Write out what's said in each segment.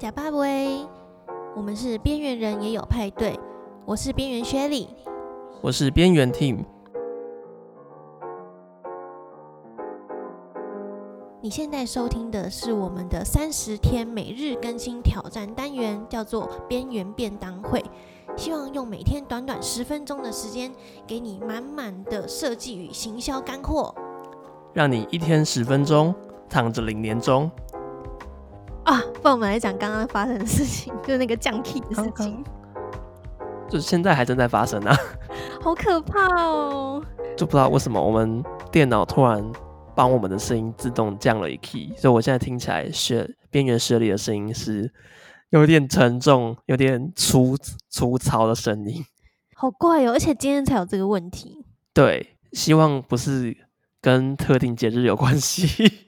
呷霸沒，我們是邊緣人也有派對。我是邊緣 Shelly，我是邊緣 team。你現在收聽的是我們的三十天每日更新挑戰單元，叫做“邊緣便當會”。希望用每天短短十分鐘的時間，給你滿滿的設計與行銷乾貨，讓你一天十分鐘躺着領年終。不然我們來講剛剛發生的事情，就是那個降 key 的事情好好，就現在還正在發生呢、啊，好可怕哦！就不知道為什麼我們電腦突然幫我們的聲音自動降了一 key，所以我現在聽起來是邊緣失禮的聲音，是有點沉重、有點粗粗糙的聲音，好怪哦！而且今天才有這個問題，對，希望不是跟特定節日有關係。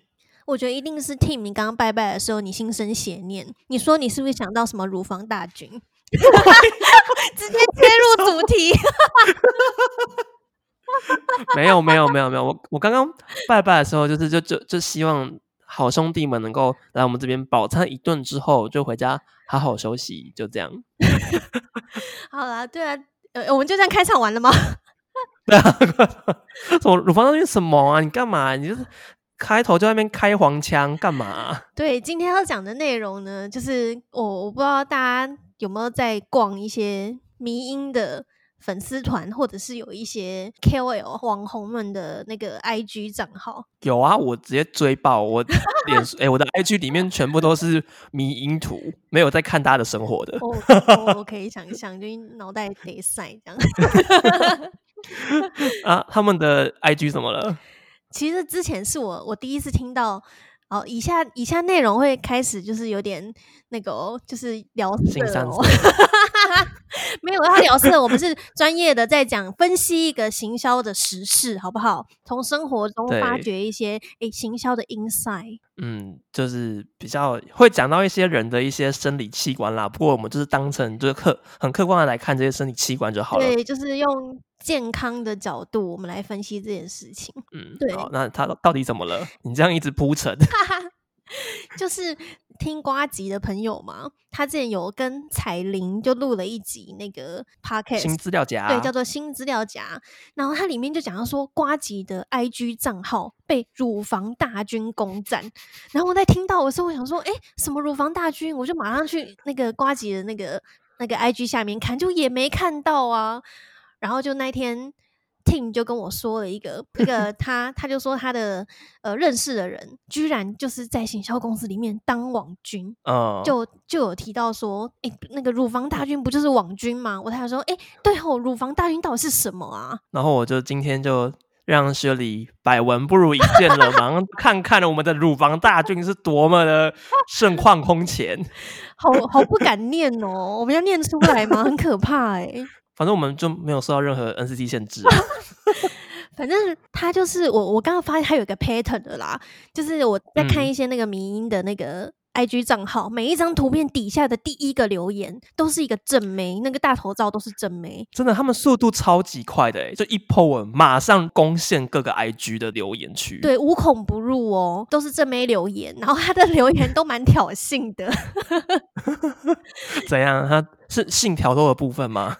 我覺得一定是 team，你剛剛拜拜的時候，你心生邪念。你說你是不是想到什麼乳房大軍？ 直接切入主題 沒。沒有沒有沒有沒有，我我剛剛拜拜的時候，就是就就就希望好兄弟們能夠來我們這邊飽餐一頓，之後就回家好好休息，就這樣。 好了，對啊，呃，我們就這樣開場完了嗎？對啊，什麼乳房大軍什麼啊？你干嘛啊？你就是。開頭就在那邊開黃腔幹嘛？對，今天要講的內容呢，就是我我不知道大家有沒有在逛一些迷因的粉絲團，或者是有一些 KOL 網紅們的那個 IG 賬號。有啊，我直接追爆我臉書，誒、 欸、我的 IG 裡面全部都是迷因圖， 沒有在看大家的生活的。我 我、oh, okay, 就是、可以想象，就腦袋得塞這樣。啊，他們的 IG 怎麼了？其實之前是我，我第一次聽到，哦，以下以下內容會開始就是有點那個哦，就是聊色哦， 沒有，他聊色， 我們是專業的，在講分析一個行銷的時事，好不好？從生活中發掘一些誒對、欸、行銷的 insight，嗯，就是比較會講到一些人的一些生理器官啦，不過我們就是當成就是客很客觀的來看這些生理器官就好了，對，就是用。健康的角度，我們來分析這件事情。嗯，對、哦。那他到底怎麼了？你這樣一直鋪陳， 就是聽呱吉的朋友嘛，他之前有跟彩玲就錄了一集那個 podcast 新資料夾，對，叫做新資料夾。然後他裡面就講到說，呱吉的 IG 賬號被乳房大軍攻占。然後我在聽到的時候，我想說，哎、欸，什麼乳房大軍？我就馬上去那個呱吉的那個那個 IG 下面看，就也沒看到啊。然後就那天，Tim 就跟我說了一個一個他，他就說他的呃認識的人，居然就是在行銷公司裡面當網軍，嗯、就就有提到說誒，那個乳房大軍不就是網軍嗎？我他說，哎，對吼，乳房大軍到底是什麼啊？然後我就今天就讓 s 理百聞不如一見了嘛， 然後看看我們的乳房大軍是多麼的盛況空前，好好，不敢念哦， 我們要念出來嘛，很可怕哎、欸。反正我們就沒有受到任何 NCC 限制。 反正他就是我，我剛剛發現他有一個 pattern 的啦，就是我在看一些那個迷因的那個 I G 賬號，嗯、每一張圖片底下的第一個留言都是一個正妹，那個大頭照都是正妹。真的，他們速度超級快的，誒就一 po 文馬上攻陷各個 I G 的留言區，對，無孔不入哦，都是正妹留言。然後他的留言都蠻挑釁的。 怎樣？他是性挑逗的部分嗎？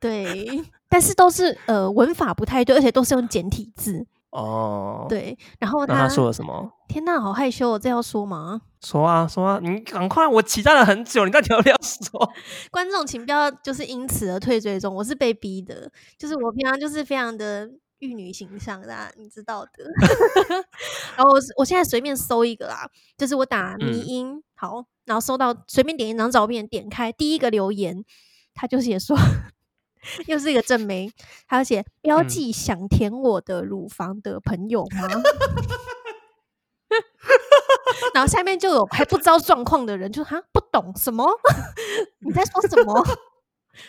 對，但是都是呃文法不太對，而且都是用簡體字哦。Oh, 對，然後他，他說了什麼？天哪，好害羞，這要說嗎？說啊，說啊，你趕快，我期待了很久，你到底要不要說。觀眾請不要就是因此而退追中，我是被逼的，就是我平常就是非常的玉女形象的，啊，大家你知道的。 然後我我現在隨便搜一個啦，就是我打迷因、嗯、好，然後搜到隨便點一張照片，點開第一個留言，他就寫說。又是一個正妹。還有寫標記想舔我的乳房的朋友嗎？ 然後下面就有還不知道狀況的人就，就哈不懂什麼， 你在說什麼？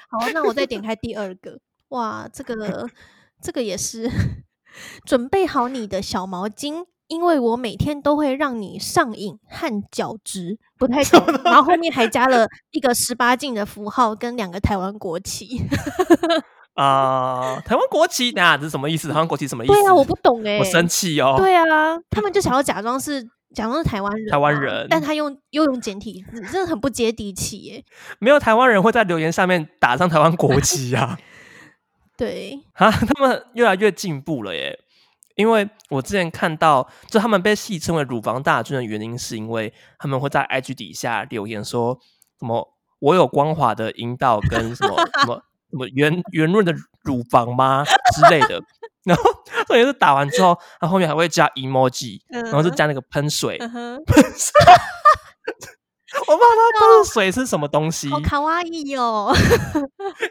好，那我再點開第二個， 哇，這個這個也是， 準備好你的小毛巾，因為我每天都會讓你上癮和腳趾不太懂，然後後面還加了一個十八禁的符號跟兩個台灣國旗。啊、 呃，台灣國旗，那這是什麼意思？台灣國旗什麼意思？對啊，我不懂、欸、我生氣哦、喔。對啊，他們就想要假裝是假裝是台灣人、啊、人，台灣人，但他用又用簡體字，真的很不接地氣耶。沒有台灣人會在留言上面打上台灣國旗啊。 對啊，他們越來越進步了耶、欸。因為我之前看到，就他們被戲稱為“乳房大軍”的原因，是因為他們會在 IG 底下留言說：“什麼我有光滑的陰道跟什麼什麼什麼圓圓潤的乳房嗎？”之類的。 然後特別是打完之後，他後面還會加 emoji，嗯。Uh huh. 然後就加那個噴水。Uh huh. 我爸媽不知道水是什麼東西，好卡哇伊哦，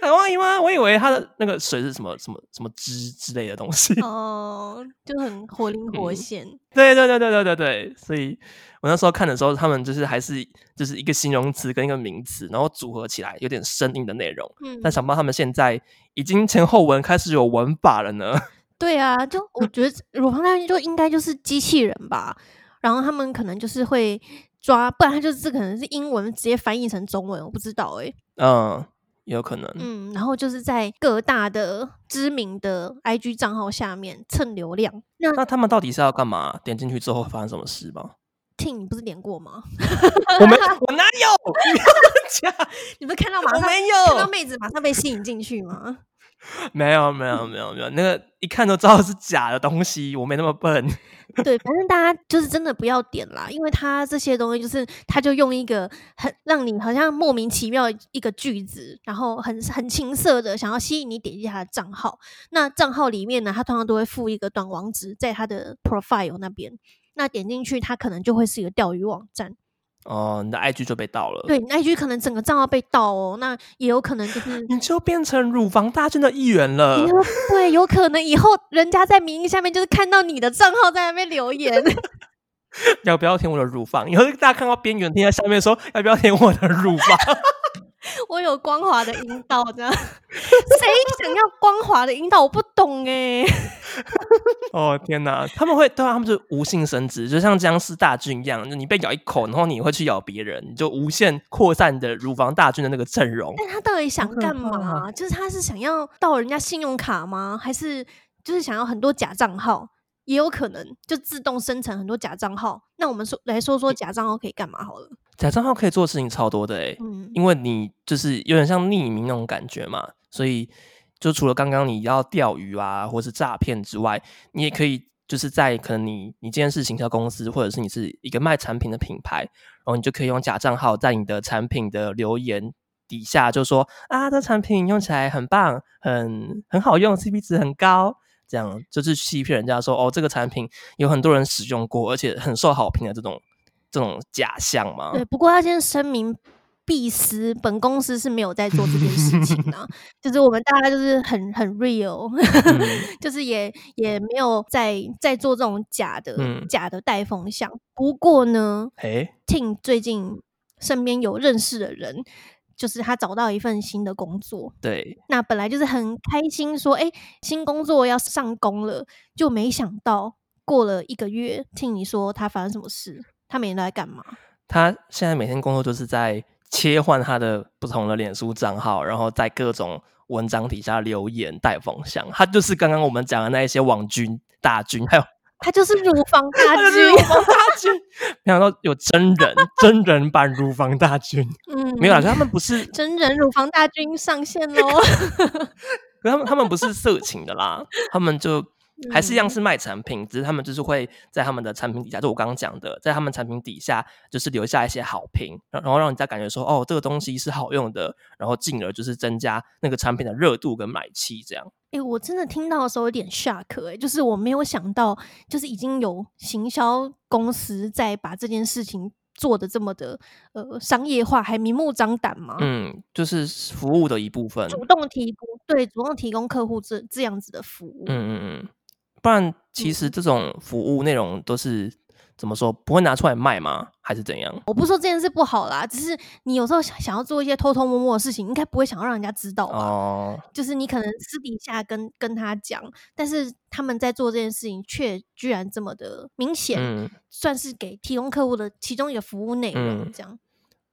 卡哇伊嗎？我以為它的那個水是什麼什麼什麼汁之類的東西 哦，就很活靈活現。對、嗯、對對對對對對，所以我那時候看的時候，他們就是還是就是一個形容詞跟一個名詞，然後組合起來有點生硬的內容。嗯，但想不到他們現在已經前後文開始有文法了呢。 對啊，就我覺得乳房大軍就應該就是機器人吧， 然後他們可能就是會。抓，不然他就是這可能是英文直接翻譯成中文，我不知道哎、欸。嗯，有可能。嗯，然後就是在各大的知名的 IG 賬號下面蹭流量。那，那他們到底是要幹嘛？點進去之後發生什麼事嗎？聽，Tim, 你不是點過嗎？ 我沒有，我哪有？ 你不是看到馬上我沒有看到妹子馬上被吸引進去嗎？沒有沒有沒有沒有，那個一看都知道是假的東西，我沒那麼笨。對，反正大家就是真的不要點啦，因為他這些東西就是，他就用一個很讓你好像莫名其妙的一個句子，然後很很情色的想要吸引你點擊他的賬號。那賬號裡面呢，他通常都會附一個短網址在他的 profile 那邊，那點進去，他可能就會是一個釣魚網站。哦，你的 IG 就被盜了。對，你 IG 可能整個賬號被盜哦，那也有可能就是你就變成乳房大軍的一員了。對，有可能以後人家在名義下面就是看到你的賬號在那邊留言， 要不要舔我的乳房？以後大家看到邊緣，聽到下面說要不要舔我的乳房？ 沒有光滑的陰道的，誰想要光滑的陰道？我不懂哎、欸。哦天哪，他們會，對，他們是無性生殖，就像僵屍大軍一樣，就你被咬一口，然後你會去咬別人，你就無限擴散你的乳房大軍的那個陣容。但他到底想幹嘛？哦、就是他是想要盜人家信用卡嗎？還是就是想要很多假賬號？也有可能就自動生成很多假賬號。那我們說來說說假賬號可以幹嘛好了？假賬號可以做的事情超多的誒、欸，嗯，因為你就是有點像匿名那種感覺嘛，所以就除了剛剛你要釣魚啊，或者是詐騙之外，你也可以就是在可能你你今天是行銷公司，或者是你是一個賣產品的品牌，然後你就可以用假賬號在你的產品的留言底下就說啊，這產品用起來很棒，很很好用，CP 值很高。這樣就是欺騙人家說哦，這個產品有很多人使用過，而且很受好評的這種這種假象嘛。對，不過他現在聲明必實，本公司是沒有在做這件事情的、啊、 就是我們大概就是很很 real，、嗯、 就是也也沒有在在做這種假的、嗯、假的帶風向。不過呢，哎、欸，聽最近身邊有認識的人。就是他找到一份新的工作，對，那本來就是很開心說，說哎，新工作要上工了，就沒想到過了一個月，聽你說他發生什麼事，他每天都在幹嘛？他現在每天工作就是在切換他的不同的臉書賬號，然後在各種文章底下留言帶風向，他就是剛剛我們講的那一些網軍大軍，還有。他就是乳房大軍，乳房大軍， 沒想到有真人 真人版乳房大軍。嗯，沒想到他們不是真人乳房大軍上線嘍。 可他們他們不是色情的啦， 他們就。還是一樣是賣產品，嗯、只是他們就是會在他們的產品底下，就我剛剛講的，在他們產品底下就是留下一些好評，然後讓人家感覺說哦，這個東西是好用的，然後進而就是增加那個產品的熱度跟買氣這樣。哎、欸，我真的聽到的時候有點 shock，、欸、就是我沒有想到，就是已經有行銷公司在把這件事情做得這麼的呃商業化，還明目張膽嘛？嗯，就是服務的一部分，主動提供，對，主動提供客戶這這樣子的服務。嗯嗯嗯。不然，其實這種服務內容都是、嗯、怎麼說？不會拿出來賣嗎？還是怎樣？我不說這件事不好啦，只是你有時候想想要做一些偷偷摸摸的事情，應該不會想要讓人家知道吧？哦，就是你可能私底下跟跟他講，但是他們在做這件事情，卻居然這麼的明顯，嗯、算是給提供客戶的其中一個服務內容。這樣、嗯，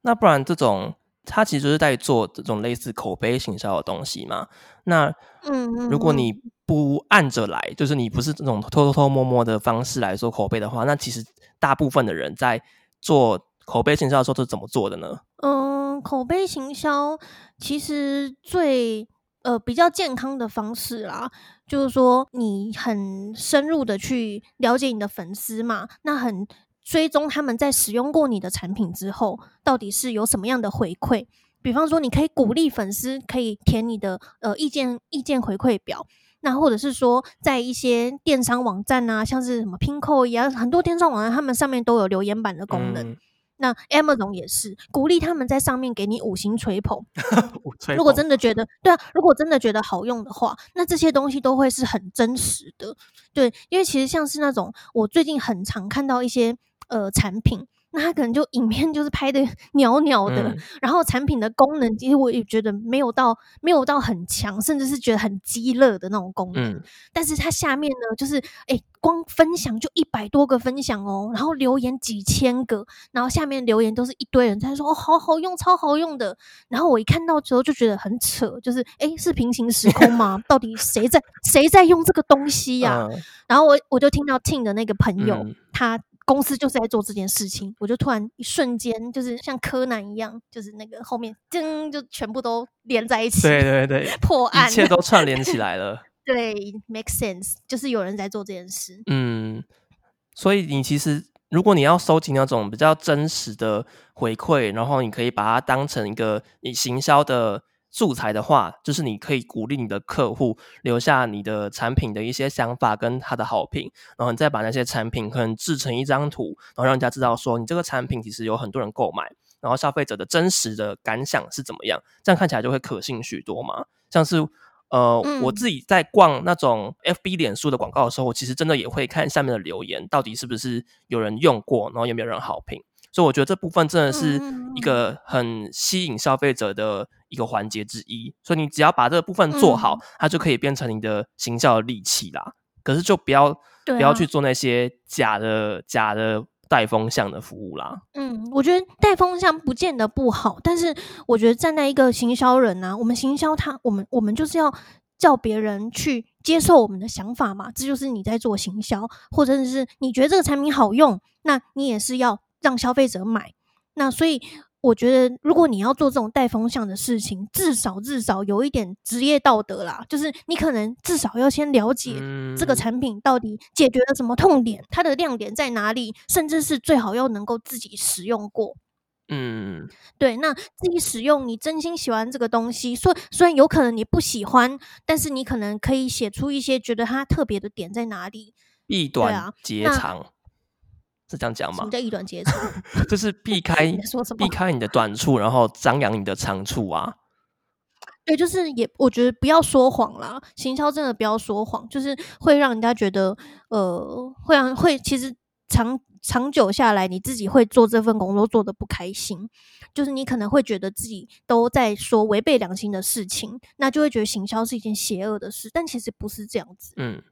那不然這種他其實是在做這種類似口碑行銷的東西嘛？那嗯，如果你。嗯嗯不按着來，就是你不是這種偷偷摸摸的方式來做口碑的話，那其實大部分的人在做口碑行銷的時候是怎麼做的呢？嗯，口碑行銷其實最呃比較健康的方式啦，就是說你很深入的去了解你的粉絲嘛，那很追蹤他們在使用過你的產品之後，到底是有什麼樣的回饋。比方說，你可以鼓勵粉絲可以填你的呃意見意見回饋表。那或者是說，在一些電商網站啊，像是什麼 Pinkoi 呀，很多電商網站他們上面都有留言板的功能。嗯、那 Amazon 也是鼓勵他們在上面給你五星吹捧。 猜跑 如果真的覺得 對啊，如果真的覺得好用的話，那這些東西都會是很真實的。對，因為其實像是那種我最近很常看到一些呃產品。他可能就影片就是拍的鳥鳥的，嗯、然後產品的功能其實我也覺得沒有到沒有到很強，甚至是覺得很雞肋的那種功能。嗯、但是它下面呢，就是誒、欸、光分享就一百多個分享哦，然後留言幾千個，然後下面留言都是一堆人在說哦，好好用，超好用的。然後我一看到之後就覺得很扯，就是哎、欸，是平行時空嗎？ 到底誰在誰在用這個東西呀、啊？啊、然後我我就聽到 Ting 的那個朋友、嗯、他。公司就是在做這件事情，我就突然一瞬間，就是像柯南一樣，就是那個後面噔就全部都連在一起，對對對，破案，一切都串聯起來了。 對，make sense，就是有人在做這件事。嗯，所以你其實如果你要收集那種比較真實的回饋，然後你可以把它當成一個你行銷的。素材的話，就是你可以鼓勵你的客戶留下你的產品的一些想法跟他的好評，然後你再把那些產品可能制成一張圖，然後讓人家知道說你這個產品其實有很多人購買，然後消費者的真實的感想是怎麼樣，這樣看起來就會可信許多嘛。像是呃，嗯、我自己在逛那種 FB 臉書的廣告的時候，我其實真的也會看下面的留言，到底是不是有人用過，然後有沒有人好評。所以我覺得這部分真的是一個很吸引消費者的一個環節之一。嗯、所以你只要把這個部分做好，嗯、它就可以變成你的行銷的利器啦。可是就不要對、啊、不要去做那些假的假的帶風向的服務啦。嗯，我覺得帶風向不見得不好，但是我覺得站在一個行銷人啊，我們行銷他，我們我們就是要叫別人去接受我們的想法嘛。這就是你在做行銷，或者是你覺得這個產品好用，那你也是要。讓消費者買，那所以我覺得，如果你要做這種帶風向的事情，至少至少，有一點職業道德啦，就是你可能至少要先了解這個產品到底解決了什麼痛點，嗯、它的亮點在哪裡，甚至是最好要能夠自己使用過。嗯，對，那自己使用，你真心喜歡這個東西，所雖，雖然有可能你不喜歡，但是你可能可以寫出一些覺得它特別的點在哪裡，避短啊，結長。是這樣講嗎？什麼叫以短接長？ 就是避開，避開你的短處，然後張揚你的長處啊。對，就是也，我覺得不要說謊啦。行銷真的不要說謊，就是會讓人家覺得，呃，會讓會其實長長久下來，你自己會做這份工作做得不開心。就是你可能會覺得自己都在說違背良心的事情，那就會覺得行銷是一件邪惡的事。但其實不是這樣子。嗯，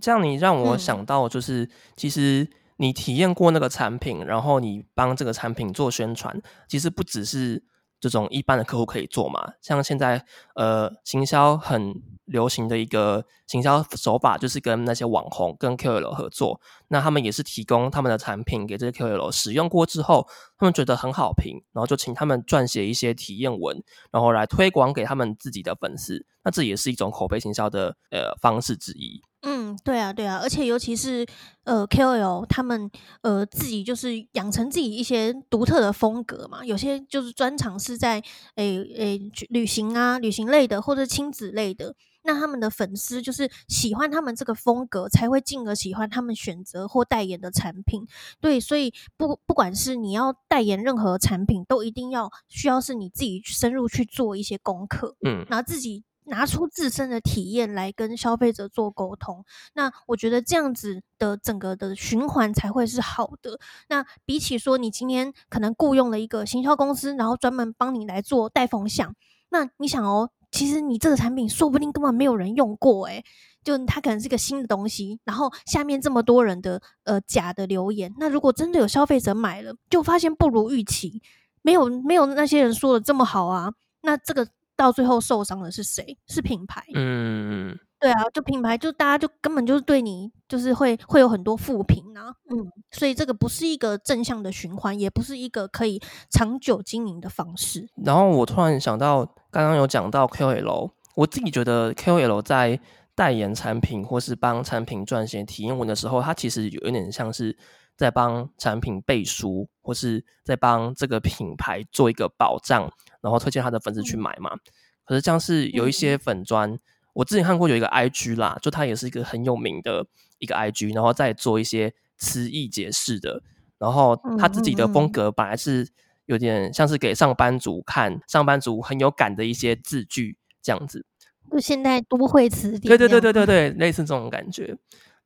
這樣你讓我想到就是、嗯、其實。你體驗過那個產品，然後你幫這個產品做宣傳，其實不只是這種一般的客戶可以做嘛，像現在呃，行銷很。流行的一個行銷手法就是跟那些網紅跟 KOL 合作，那他們也是提供他們的產品給這些 KOL 使用過之後，他們覺得很好評，然後就請他們撰寫一些體驗文，然後來推廣給他們自己的粉絲。那這也是一種口碑行銷的呃方式之一。嗯，對啊，對啊，而且尤其是呃 KOL 他們呃自己就是養成自己一些獨特的風格嘛，有些就是專長是在誒誒、呃呃、去旅行啊，旅行類的或者親子類的。那他們的粉絲就是喜歡他們這個風格，才會進而喜歡他們選擇或代言的產品。對，所以不不管是你要代言任何產品，都一定要需要是你自己深入去做一些功課，嗯，然後自己拿出自身的體驗來跟消費者做溝通。那我覺得這樣子的整個的循環才會是好的。那比起說你今天可能雇用了一個行銷公司，然後專門幫你來做帶風向。那你想哦，其實你這個產品說不定根本沒有人用過，誒，就它可能是個新的東西，然後下面這麼多人的呃假的留言，那如果真的有消費者買了，就發現不如預期，沒有沒有那些人說的這麼好啊，那這個到最後受傷的是誰？是品牌。嗯。對啊，就品牌，就大家就根本就是對你，就是會會有很多負評啊。嗯，嗯，所以這個不是一個正向的循環，也不是一個可以長久經營的方式。然後我突然想到，剛剛有講到 KOL，我自己覺得 KOL 在代言產品或是幫產品撰寫體驗文的時候，它其實有一點像是在幫產品背書，或是在幫這個品牌做一個保障，然後推薦他的粉絲去買嘛。嗯、可是像是有一些粉磚。嗯我之前看過有一個 I G 啦,就它也是一個很有名的一個 I G，然後在做一些詞義解釋的。然後他自己的風格本來是有點像是給上班族看，上班族很有感的一些字句這樣子。就現在都會詞典，對對對對對，類似這種感覺。嗯、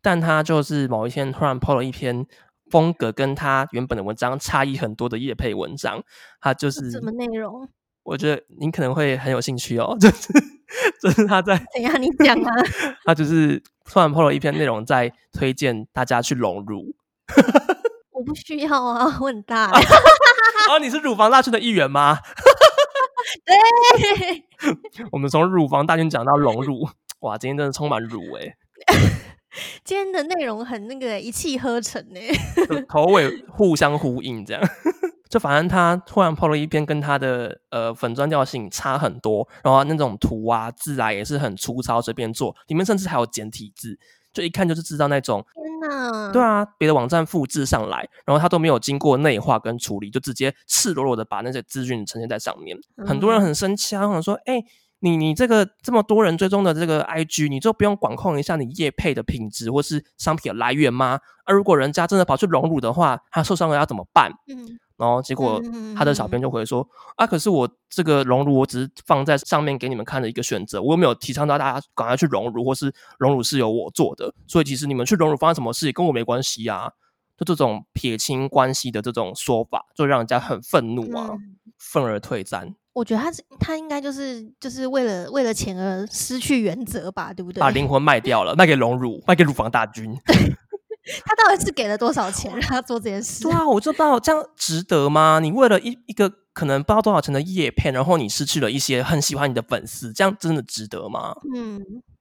但他就是某一天突然 PO 了一篇風格跟他原本的文章差異很多的業配文章。他就是、這是什麼內容？我覺得您可能會很有興趣哦，就是。 就是他在怎樣你講啊？ 他就是突然 PO 了一篇內容，在推薦大家去隆乳。 我不需要啊，我很大。哦、 啊啊，你是乳房大軍的一員嗎？對 。我們從乳房大軍講到隆乳， 哇，今天真的充滿乳哎、欸。 今天的內容很那個一氣呵成呢、欸，頭 尾互相呼應這樣。 就反正他突然拋了一篇跟他的呃粉專調性差很多，然後那種圖啊字啊也是很粗糙隨便做，裡面甚至還有簡體字，就一看就是知道那種真的對啊，別的網站複製上來，然後他都沒有經過內化跟處理，就直接赤裸裸的把那些資訊呈現在上面。Okay. 很多人很生氣，啊，想說：哎、欸，你你這個這麼多人追蹤的這個 IG，你就不用管控一下你業配的品質或是商品的來源嗎？啊，如果人家真的跑去隆乳的話，他受傷了要怎麼辦？嗯。然後結果，他的小編就回說：“嗯嗯啊，可是我這個隆乳，我只是放在上面給你們看的一個選擇，我又沒有提倡到大家趕快去隆乳，或是隆乳是由我做的。所以其實你們去隆乳發生什麼事，也跟我沒關係啊。”就這種撇清關係的這種說法，就讓人家很憤怒啊，嗯、憤而退戰。我覺得他是他應該就是就是為了為了錢而失去原則吧，對不對？把靈魂賣掉了， 賣給隆乳，賣給乳房大軍。 他到底是給了多少錢讓他做這件事？對啊，我就知道這樣值得嗎？你為了一一個可能不知道多少錢的業配，然後你失去了一些很喜歡你的粉絲，這樣真的值得嗎？嗯，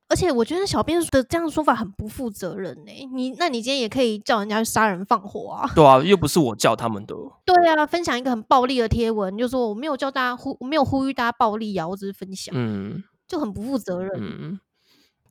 而且我覺得小編的這樣的說法很不負責任呢、欸。你那你今天也可以叫人家去殺人放火啊？對啊，又不是我叫他們的。對啊，分享一個很暴力的貼文，就說我沒有叫大家呼，我沒有呼籲大家暴力呀，我只是分享，嗯，就很不負責任。嗯嗯。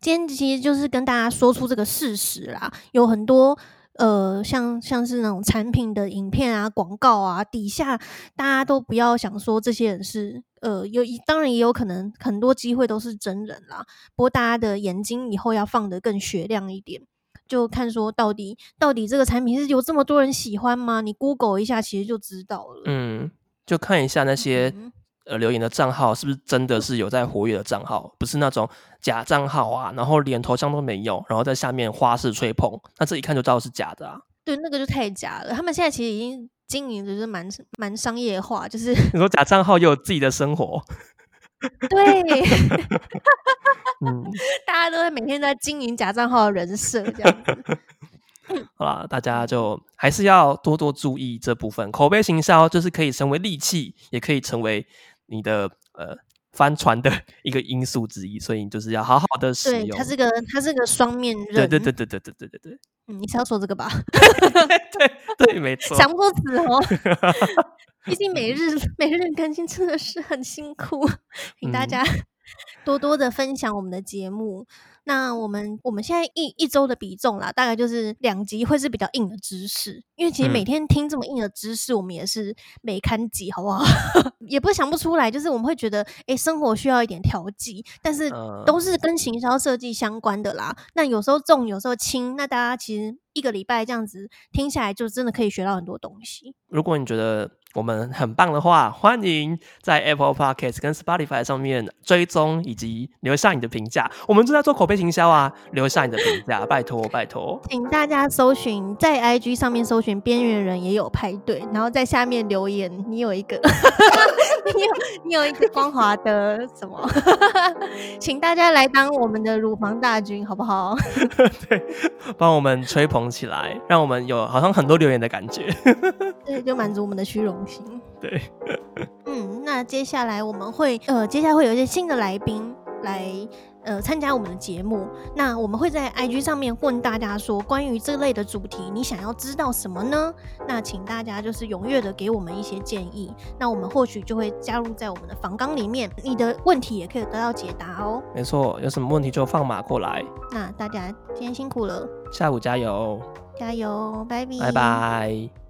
今天其實就是跟大家說出這個事實啦，有很多呃，像像是那種產品的影片啊、廣告啊，底下大家都不要想說這些人是呃有，當然也有可能很多機會都是真人啦。不過大家的眼睛以後要放得更雪亮一點，就看說到底到底這個產品是有這麼多人喜歡嗎？你 Google 一下其實就知道了。嗯，就看一下那些。嗯。呃，留言的賬號是不是真的是有在活躍的賬號？不是那種假賬號啊，然後連頭像都沒有，然後在下面花式吹捧，那這一看就知道是假的啊。對，那個就太假了。他們現在其實已經經營的就是蠻蠻商業化，就是。你說假賬號也有自己的生活。對。嗯，大家都在每天在經營假賬號的人設，這樣子。 嗯、好了，大家就還是要多多注意這部分。口碑行銷就是可以成為利器，也可以成為。你的呃，翻船的一個因素之一，所以你就是要好好的使用。對，它這個它這個雙面刃。對對對對對對對對對。嗯，你是要說這個吧？ 對對沒錯。強國子哦， 畢竟每日每日更新真的是很辛苦，請大家多多的分享我們的節目。嗯那我們我們現在一一周的比重啦，大概就是兩集會是比較硬的知識，因為其實每天聽這麼硬的知識，嗯、我們也是沒看幾好不好？ 也不是想不出來，就是我們會覺得，誒、欸、生活需要一點調劑，但是都是跟行銷設計相關的啦。呃、那有時候重，有時候輕，那大家其實一個禮拜這樣子聽下來，就真的可以學到很多東西。如果你覺得，我們很棒的話，歡迎在 Apple Podcast 跟 Spotify 上面追蹤以及留下你的評價。我們正在做口碑行銷啊，留下你的評價，拜託拜託！請大家搜尋在 IG 上面搜尋“邊緣人也有派對”，然後在下面留言，你有一個， 你有你有一個光滑的什麼？ 請大家來當我們的乳房大軍，好不好？ 對，幫我們吹捧起來，讓我們有好像很多留言的感覺。 對，就滿足我們的虛榮。行，對， 嗯，那接下來我們會，呃，接下來會有一些新的來賓來，呃，參加我們的節目。那我們會在 IG 上面問大家說，關於這類的主題，你想要知道什麼呢？那請大家就是踴躍的給我們一些建議。那我們或許就會加入在我們的訪綱裡面，你的問題也可以得到解答哦。沒錯，有什麼問題就放馬過來。那大家今天辛苦了，下午加油，加油，拜拜，拜拜。